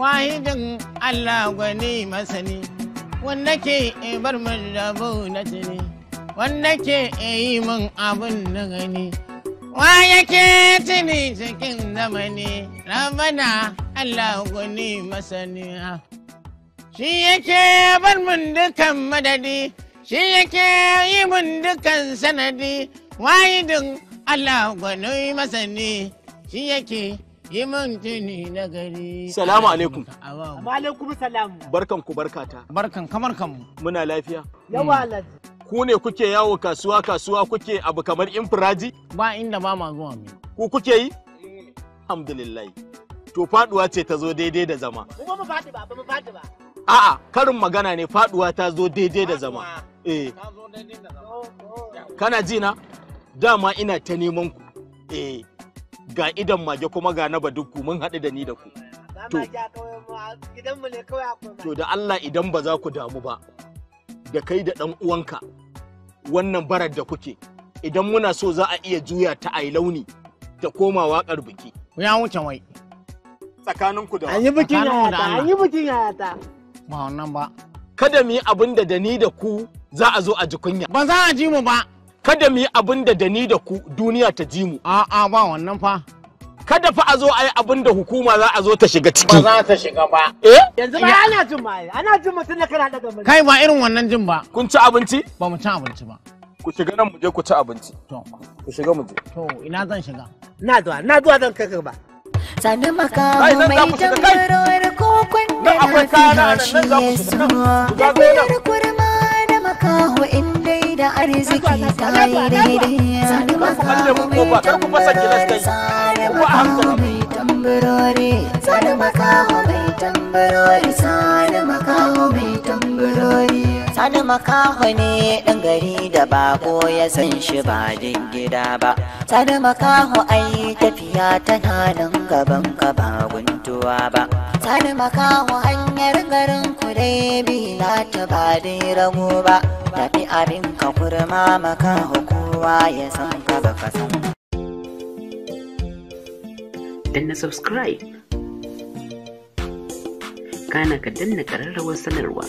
wahidin Allah gwani masani wanda ke e bar min rabo na tuni wanda ke e yi min abin na gani wa yake tuni cikin zamani rabana Allah gwani masani shi yake bar min dukan madadi shi yake yi min dukan sanadi wahidin Allah gwani masani shi yake Iman tuni na gari. Salamu alaikum. Wa alaikum salam. Barkan ku barkata. Barkan kamar kanmu. Muna lafiya. Yawa hmm. Alhaji. Ku ne kuke yawo kasuwa kasuwa kuke abu kamar infiraji? Ba inda ba ma zuwa mu. Ku kuke yi? Alhamdulillah. To faduwa ce ta zo daidai da zama. Kuma mu fadi ba, mu fadi ba. A'a, karin magana ne faduwa ta zo daidai da zama. Eh. Kana ji na? Dama ina ta neman ku. Eh. ga idan mage kuma ga na badukku mun haɗu da ni da ku. To, to da Allah idan ba za ku damu ba, da kai da ɗan uwanka wannan barar da kuke, idan muna so za a iya juya ta a launi da koma waƙar biki. Ya wuce wai. ku da An yi bikin yayata, an bikin yayata. Ba wannan ba. Kada mu yi abin da da ni da ku za a zo a ji kunya. Ba za a ji mu ba. kada mu yi abin da da ni da ku duniya ta ji mu a'a ba wannan fa kada fa a zo a yi abin da hukuma za a zo ta shiga ciki ba za ta shiga ba eh yanzu ba ana jin ba ana jin mutum na kana daga mai kai ba irin wannan jin ba kun ci abinci ba mu ci abinci ba ku shiga nan mu je ku ci abinci to ku shiga mu je to ina zan shiga na zuwa na zuwa zan kai ba Sani makamu mai dangarowar kokon da na fi gashi ya so, da arziki ta yi daidai sani maza mai tambarori sani makaho mai tambarori makaho mai tambarori sani makaho ne ɗan gari da bako ya san shi ba din gida ba sani makaho ai tafiya tana nan gaban ka ba guntuwa ba sani makaho hanyar garin ku dai na ta ba dai rago ba tafi abin ka kurma makaho kowa ya san ka ba ka san danna subscribe kana ka danna ƙararrawar sanarwa